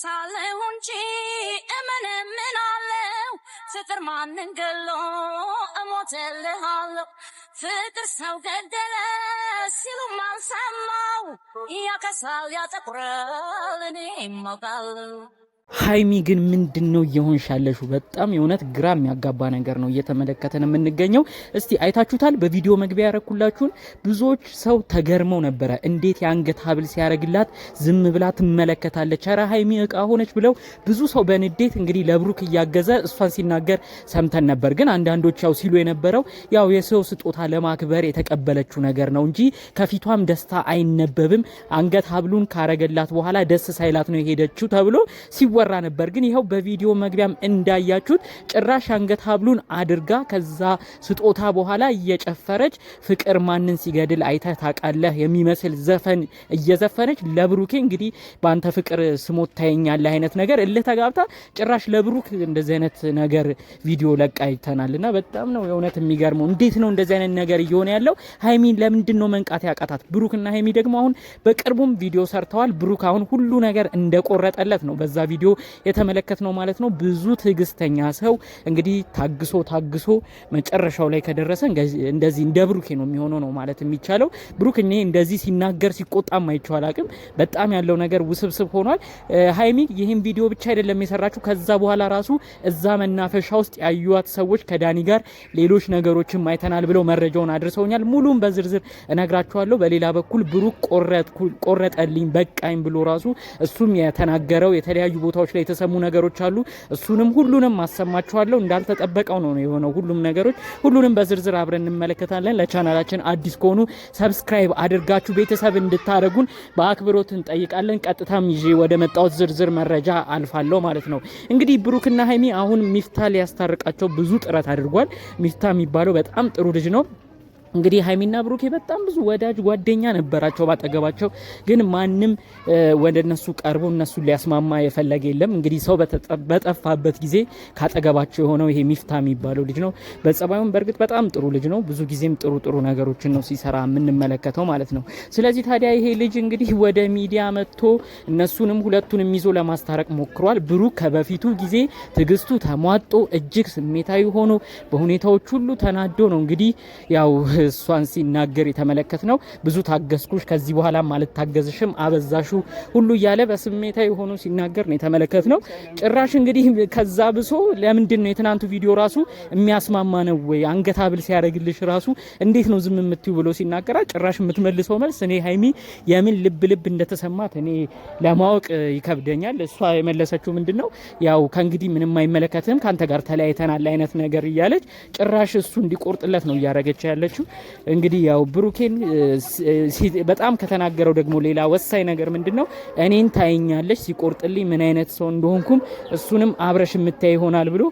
እረሳለሁ እንጂ አለው! ፍቅር ማንን ገሎ እሞትልሃለሁ። ፍቅር ሰው ገደለ ሲሉ ማንሰማው ያከሳል፣ ያጠቁራል እኔ ይሞቃል ሀይሚ ግን ምንድን ነው እየሆንሽ በጣም የእውነት ግራ የሚያጋባ ነገር ነው እየተመለከተን የምንገኘው። እስቲ አይታችሁታል። በቪዲዮ መግቢያ ያረኩላችሁን ብዙዎች ሰው ተገርመው ነበረ። እንዴት የአንገት ሀብል ሲያረግላት ዝም ብላ ትመለከታለች? ኧረ ሀይሚ እቃ ሆነች ብለው ብዙ ሰው በንዴት እንግዲህ ለብሩክ እያገዘ እሷን ሲናገር ሰምተን ነበር። ግን አንዳንዶች ያው ሲሉ የነበረው ያው የሰው ስጦታ ለማክበር የተቀበለችው ነገር ነው እንጂ ከፊቷም ደስታ አይነበብም። አንገት ሀብሉን ካረገላት በኋላ ደስ ሳይላት ነው የሄደችው ተብሎ ሲ ይወራ ነበር። ግን ይኸው በቪዲዮ መግቢያም እንዳያችሁት ጭራሽ አንገት ሀብሉን አድርጋ ከዛ ስጦታ በኋላ እየጨፈረች ፍቅር ማንን ሲገድል አይተ ታውቃለህ የሚመስል ዘፈን እየዘፈነች ለብሩኬ እንግዲህ በአንተ ፍቅር ስሞት ታየኛለህ አይነት ነገር እልህ ተጋብታ ጭራሽ ለብሩክ እንደዚህ አይነት ነገር ቪዲዮ ለቃ ይተናል እና በጣም ነው የእውነት የሚገርመው። እንዴት ነው እንደዚህ አይነት ነገር እየሆነ ያለው? ሀይሚን ለምንድን ነው መንቃት ያቃታት? ብሩክና ሀይሚ ደግሞ አሁን በቅርቡም ቪዲዮ ሰርተዋል። ብሩክ አሁን ሁሉ ነገር እንደቆረጠለት ነው በዛ ቪዲዮ ቪዲዮ የተመለከት ነው ማለት ነው። ብዙ ትዕግስተኛ ሰው እንግዲህ ታግሶ ታግሶ መጨረሻው ላይ ከደረሰ እንደዚህ እንደ ብሩኬ ነው የሚሆነው ነው ማለት የሚቻለው። ብሩክ እኔ እንደዚህ ሲናገር ሲቆጣ ማይቻል አላቅም። በጣም ያለው ነገር ውስብስብ ሆኗል። ሀይሚ ይህን ቪዲዮ ብቻ አይደለም የሰራችሁ ከዛ በኋላ ራሱ እዛ መናፈሻ ውስጥ ያዩዋት ሰዎች ከዳኒ ጋር ሌሎች ነገሮችን ማይተናል ብለው መረጃውን አድርሰውኛል። ሙሉም በዝርዝር እነግራችኋለሁ። በሌላ በኩል ብሩክ ቆረጠልኝ በቃኝ ብሎ ራሱ እሱም የተናገረው የተለያዩ ቦታ ቦታዎች ላይ የተሰሙ ነገሮች አሉ። እሱንም ሁሉንም አሰማችኋለሁ። እንዳልተጠበቀው ነው የሆነው ሁሉም ነገሮች። ሁሉንም በዝርዝር አብረን እንመለከታለን። ለቻናላችን አዲስ ከሆኑ ሰብስክራይብ አድርጋችሁ ቤተሰብ እንድታደረጉን በአክብሮት እንጠይቃለን። ቀጥታም ይዤ ወደ መጣሁት ዝርዝር መረጃ አልፋለሁ ማለት ነው። እንግዲህ ብሩክና ሀይሚ አሁን ሚፍታ ሊያስታርቃቸው ብዙ ጥረት አድርጓል። ሚፍታ የሚባለው በጣም ጥሩ ልጅ ነው። እንግዲህ ሀይሚና ብሩኬ በጣም ብዙ ወዳጅ ጓደኛ ነበራቸው ባጠገባቸው፣ ግን ማንም ወደ እነሱ ቀርቦ እነሱን ሊያስማማ የፈለገ የለም። እንግዲህ ሰው በጠፋበት ጊዜ ካጠገባቸው የሆነው ይሄ ሚፍታ የሚባለው ልጅ ነው። በጸባዩም በእርግጥ በጣም ጥሩ ልጅ ነው። ብዙ ጊዜም ጥሩ ጥሩ ነገሮችን ነው ሲሰራ የምንመለከተው ማለት ነው። ስለዚህ ታዲያ ይሄ ልጅ እንግዲህ ወደ ሚዲያ መጥቶ እነሱንም ሁለቱንም ይዞ ለማስታረቅ ሞክሯል። ብሩክ ከበፊቱ ጊዜ ትዕግስቱ ተሟጦ እጅግ ስሜታዊ ሆኖ በሁኔታዎች ሁሉ ተናዶ ነው እንግዲህ ያው እሷን ሲናገር የተመለከት ነው። ብዙ ታገዝኩሽ፣ ከዚህ በኋላም አልታገዝሽም፣ አበዛሹ ሁሉ እያለ በስሜታዊ ሆኖ ሲናገር ነው የተመለከት ነው። ጭራሽ እንግዲህ ከዛ ብሶ ለምንድን ነው የትናንቱ ቪዲዮ ራሱ የሚያስማማ ነው ወይ አንገት ሀብል ሲያደርግልሽ ራሱ እንዴት ነው ዝም የምትዩ ብሎ ሲናገራ ጭራሽ የምትመልሰው መልስ እኔ ሀይሚ የምን ልብ ልብ እንደተሰማት እኔ ለማወቅ ይከብደኛል። እሷ የመለሰችው ምንድን ነው ያው ከእንግዲህ ምንም አይመለከትም ከአንተ ጋር ተለያይተናል አይነት ነገር እያለች ጭራሽ እሱ እንዲቆርጥለት ነው እያደረገች ያለችው። እንግዲህ ያው ብሩኬን በጣም ከተናገረው ደግሞ ሌላ ወሳኝ ነገር ምንድን ነው እኔን ታይኛለች ሲቆርጥልኝ ምን አይነት ሰው እንደሆንኩም እሱንም አብረሽ የምታይ ይሆናል ብሎ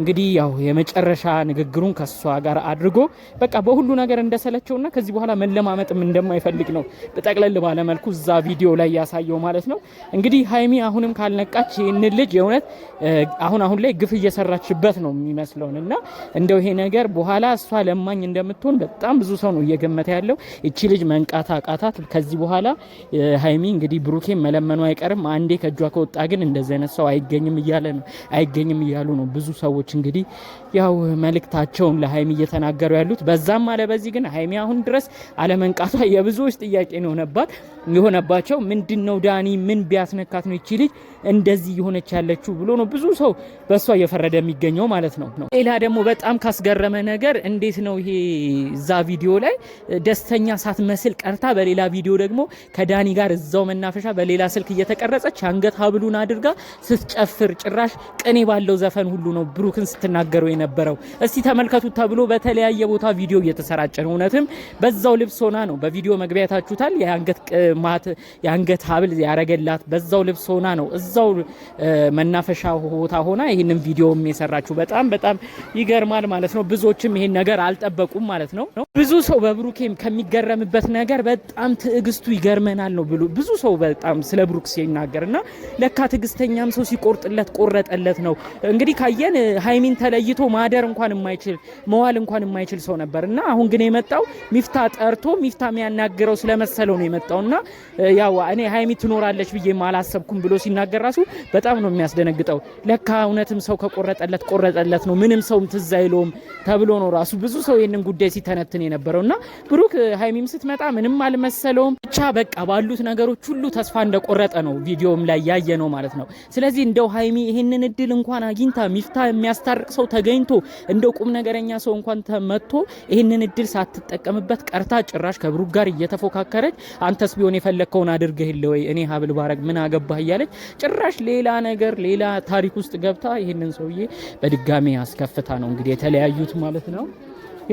እንግዲህ ያው የመጨረሻ ንግግሩን ከሷ ጋር አድርጎ በቃ በሁሉ ነገር እንደሰለቸውና ከዚህ በኋላ መለማመጥም እንደማይፈልግ ነው ጠቅለል ባለመልኩ እዛ ቪዲዮ ላይ ያሳየው ማለት ነው። እንግዲህ ሀይሚ አሁንም ካልነቃች ይህን ልጅ የእውነት አሁን አሁን ላይ ግፍ እየሰራችበት ነው የሚመስለውን እና እንደው ይሄ ነገር በኋላ እሷ ለማኝ እንደምትሆን በጣም ብዙ ሰው ነው እየገመተ ያለው እቺ ልጅ መንቃት አቃታት። ከዚህ በኋላ ሀይሚ እንግዲህ ብሩኬ መለመኑ አይቀርም አንዴ ከእጇ ከወጣ ግን እንደዚህ አይነት ሰው አይገኝም እያለ ነው አይገኝም እያሉ ነው ብዙ ሰዎች እንግዲህ ያው መልእክታቸውን ለሀይሚ እየተናገሩ ያሉት። በዛም አለ በዚህ ግን ሀይሚ አሁን ድረስ አለመንቃቷ የብዙዎች ጥያቄ ነው ነባት የሆነባቸው ምንድን ነው ዳኒ ምን ቢያስነካት ነው ይቺ ልጅ እንደዚህ የሆነች ያለችው ብሎ ነው ብዙ ሰው በእሷ እየፈረደ የሚገኘው ማለት ነው። ሌላ ደግሞ በጣም ካስገረመ ነገር እንዴት ነው ይሄ ቪዲዮ ላይ ደስተኛ ሳትመስል ቀርታ በሌላ ቪዲዮ ደግሞ ከዳኒ ጋር እዛው መናፈሻ በሌላ ስልክ እየተቀረጸች አንገት ሀብሉን አድርጋ ስትጨፍር ጭራሽ ቅኔ ባለው ዘፈን ሁሉ ነው ብሩክን ስትናገረው የነበረው። እስቲ ተመልከቱት ተብሎ በተለያየ ቦታ ቪዲዮ እየተሰራጨ ነው። እውነትም በዛው ልብስ ሆና ነው በቪዲዮ የአንገት ማት የአንገት ሀብል ያረገላት በዛው ልብስ ሆና ነው እዛው መናፈሻ ቦታ ሆና ይህንን ቪዲዮም የሰራችሁ በጣም በጣም ይገርማል ማለት ነው። ብዙዎችም ይሄን ነገር አልጠበቁም ማለት ነው። ነው። ብዙ ሰው በብሩኬም ከሚገረምበት ነገር በጣም ትዕግስቱ ይገርመናል ነው ብሎ ብዙ ሰው በጣም ስለ ብሩክ ሲናገር እና ለካ ትዕግስተኛም ሰው ሲቆርጥለት ቆረጠለት ነው። እንግዲህ ካየን ሀይሚን ተለይቶ ማደር እንኳን የማይችል መዋል እንኳን የማይችል ሰው ነበር እና አሁን ግን የመጣው ሚፍታ ጠርቶ ሚፍታ የሚያናግረው ስለመሰለው ነው የመጣው እና ያው እኔ ሀይሚ ትኖራለች ብዬ አላሰብኩም ብሎ ሲናገር ራሱ በጣም ነው የሚያስደነግጠው። ለካ እውነትም ሰው ከቆረጠለት ቆረጠለት ነው ምንም ሰውም ትዝ አይለውም ተብሎ ነው ራሱ ብዙ ሰው ይህንን ጉዳይ ሲተነ እንትን የነበረው እና ብሩክ ሀይሚም ስትመጣ ምንም አልመሰለውም። ብቻ በቃ ባሉት ነገሮች ሁሉ ተስፋ እንደቆረጠ ነው ቪዲዮም ላይ ያየ ነው ማለት ነው። ስለዚህ እንደው ሀይሚ ይህንን እድል እንኳን አግኝታ ሚፍታ የሚያስታርቅ ሰው ተገኝቶ እንደው ቁም ነገረኛ ሰው እንኳን ተመቶ ይህንን እድል ሳትጠቀምበት ቀርታ ጭራሽ ከብሩክ ጋር እየተፎካከረች አንተስ ቢሆን የፈለግከውን አድርገህል ወይ እኔ ሀብል ባረግ ምን አገባህ እያለች ጭራሽ ሌላ ነገር ሌላ ታሪክ ውስጥ ገብታ ይህንን ሰውዬ በድጋሜ አስከፍታ ነው እንግዲህ የተለያዩት ማለት ነው።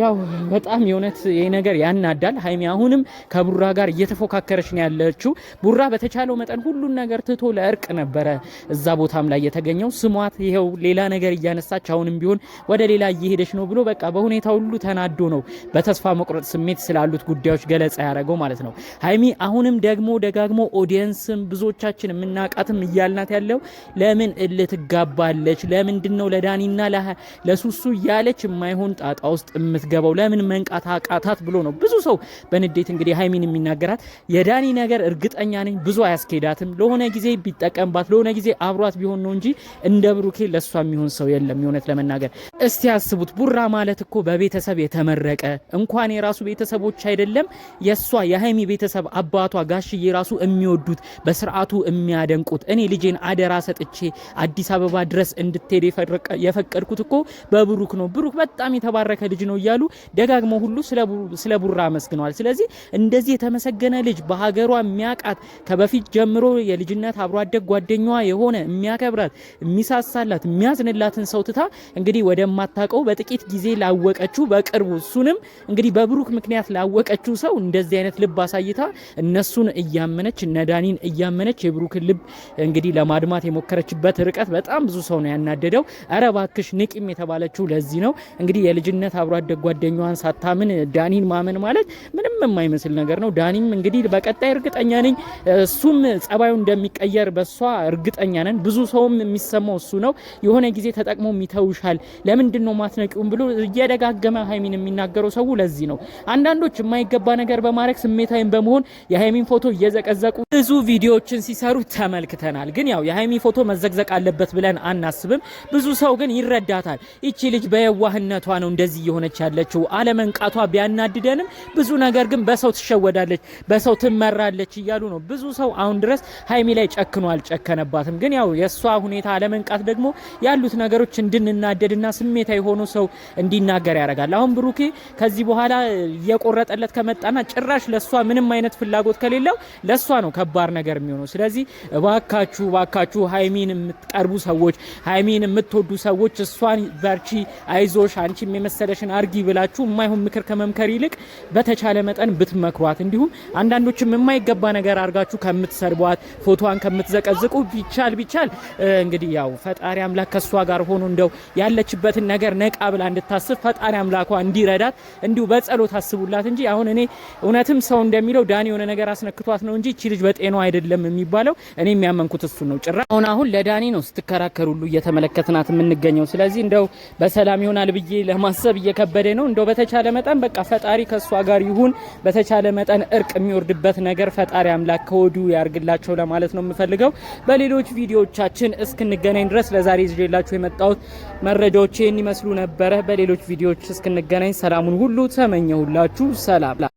ያው በጣም የእውነት ይህ ነገር ያናዳል። ሀይሚ አሁንም ከቡራ ጋር እየተፎካከረች ነው ያለችው። ቡራ በተቻለው መጠን ሁሉን ነገር ትቶ ለእርቅ ነበረ እዛ ቦታም ላይ የተገኘው። ስሟት ይኸው ሌላ ነገር እያነሳች አሁንም ቢሆን ወደ ሌላ እየሄደች ነው ብሎ በቃ በሁኔታ ሁሉ ተናዶ ነው በተስፋ መቁረጥ ስሜት ስላሉት ጉዳዮች ገለጻ ያደረገው ማለት ነው። ሀይሚ አሁንም ደግሞ ደጋግሞ ኦዲየንስም ብዙዎቻችን የምናቃትም እያልናት ያለው ለምን እልህ ትጋባለች? ለምንድን ነው ለዳኒና ለሱሱ እያለች የማይሆን ጣጣ ውስጥ የምትገባው ለምን መንቃት አቃታት ብሎ ነው ብዙ ሰው በንዴት እንግዲህ ሀይሚን የሚናገራት። የዳኒ ነገር እርግጠኛ ነኝ ብዙ አያስኬዳትም። ለሆነ ጊዜ ቢጠቀምባት ለሆነ ጊዜ አብሯት ቢሆን ነው እንጂ እንደ ብሩኬ ለእሷ የሚሆን ሰው የለም። የሆነት ለመናገር እስቲ ያስቡት። ቡራ ማለት እኮ በቤተሰብ የተመረቀ እንኳን የራሱ ቤተሰቦች አይደለም የእሷ የሀይሚ ቤተሰብ አባቷ ጋሽዬ ራሱ የሚወዱት በስርዓቱ የሚያደንቁት እኔ ልጄን አደራ ሰጥቼ አዲስ አበባ ድረስ እንድትሄድ የፈቀድኩት እኮ በብሩክ ነው። ብሩክ በጣም የተባረከ ልጅ ነው እያሉ ደጋግመው ሁሉ ስለ ቡራ አመስግነዋል። ስለዚህ እንደዚህ የተመሰገነ ልጅ በሀገሯ የሚያውቃት ከበፊት ጀምሮ የልጅነት አብሮ አደግ ጓደኛዋ የሆነ የሚያከብራት፣ የሚሳሳላት፣ የሚያዝንላትን ሰው ትታ እንግዲህ ወደማታውቀው በጥቂት ጊዜ ላወቀችው በቅርቡ እሱንም እንግዲህ በብሩክ ምክንያት ላወቀችው ሰው እንደዚህ አይነት ልብ አሳይታ እነሱን እያመነች እነዳኒን እያመነች የብሩክን ልብ እንግዲህ ለማድማት የሞከረችበት ርቀት በጣም ብዙ ሰው ነው ያናደደው። አረ ባክሽ ንቂም የተባለችው ለዚህ ነው እንግዲህ የልጅነት አብሮ አደግ ጓደኛዋን ሳታምን ዳኒን ማመን ማለት ምንም የማይመስል ነገር ነው። ዳኒም እንግዲህ በቀጣይ እርግጠኛ ነኝ እሱም ጸባዩ እንደሚቀየር በእሷ እርግጠኛ ነን። ብዙ ሰውም የሚሰማው እሱ ነው። የሆነ ጊዜ ተጠቅሞ ይተውሻል ለምንድን ነው ማትነቂውም ብሎ እየደጋገመ ሀይሚን የሚናገረው ሰው ለዚህ ነው። አንዳንዶች የማይገባ ነገር በማድረግ ስሜታዊም በመሆን የሀይሚን ፎቶ እየዘቀዘቁ ብዙ ቪዲዮዎችን ሲሰሩ ተመልክተናል። ግን ያው የሀይሚ ፎቶ መዘግዘቅ አለበት ብለን አናስብም። ብዙ ሰው ግን ይረዳታል። ይቺ ልጅ በየዋህነቷ ነው እንደዚህ እየሆነች ያለችው አለመንቃቷ ቢያናድደንም ብዙ ነገር ግን በሰው ትሸወዳለች፣ በሰው ትመራለች እያሉ ነው። ብዙ ሰው አሁን ድረስ ሀይሚ ላይ ጨክኖ አልጨከነባትም። ግን ያው የእሷ ሁኔታ አለመንቃት ደግሞ ያሉት ነገሮች እንድንናደድና ስሜታ የሆኑ ሰው እንዲናገር ያደርጋል። አሁን ብሩኬ ከዚህ በኋላ እየቆረጠለት ከመጣና ጭራሽ ለእሷ ምንም አይነት ፍላጎት ከሌለው ለእሷ ነው ከባድ ነገር የሚሆነው። ስለዚህ እባካችሁ እባካችሁ ሀይሚን የምትቀርቡ ሰዎች፣ ሀይሚን የምትወዱ ሰዎች እሷን በርቺ፣ አይዞሽ አንቺም የመሰለሽን ይህን አርጊ ብላችሁ የማይሆን ምክር ከመምከር ይልቅ በተቻለ መጠን ብትመክሯት፣ እንዲሁም አንዳንዶችም የማይገባ ነገር አርጋችሁ ከምትሰድቧት፣ ፎቶዋን ከምትዘቀዝቁ ቢቻል ቢቻል እንግዲህ ያው ፈጣሪ አምላክ ከእሷ ጋር ሆኖ እንደው ያለችበትን ነገር ነቃ ብላ እንድታስብ ፈጣሪ አምላኳ እንዲረዳት እንዲሁ በጸሎት አስቡላት እንጂ አሁን እኔ እውነትም ሰው እንደሚለው ዳኒ የሆነ ነገር አስነክቷት ነው እንጂ እቺ ልጅ በጤና አይደለም የሚባለው። እኔ የሚያመንኩት እሱ ነው። ጭራ አሁን አሁን ለዳኒ ነው ስትከራከሩሉ እየተመለከትናት የምንገኘው። ስለዚህ እንደው በሰላም ይሆናል ብዬ ለማሰብ ከበደ ነው። እንደው በተቻለ መጠን በቃ ፈጣሪ ከእሷ ጋር ይሁን። በተቻለ መጠን እርቅ የሚወርድበት ነገር ፈጣሪ አምላክ ከወዲሁ ያርግላቸው ለማለት ነው የምፈልገው። በሌሎች ቪዲዮዎቻችን እስክንገናኝ ድረስ ለዛሬ ይዤላችሁ የመጣሁት መረጃዎች ይህን ይመስሉ ነበረ። በሌሎች ቪዲዮዎች እስክንገናኝ ሰላሙን ሁሉ ተመኘሁላችሁ። ሰላም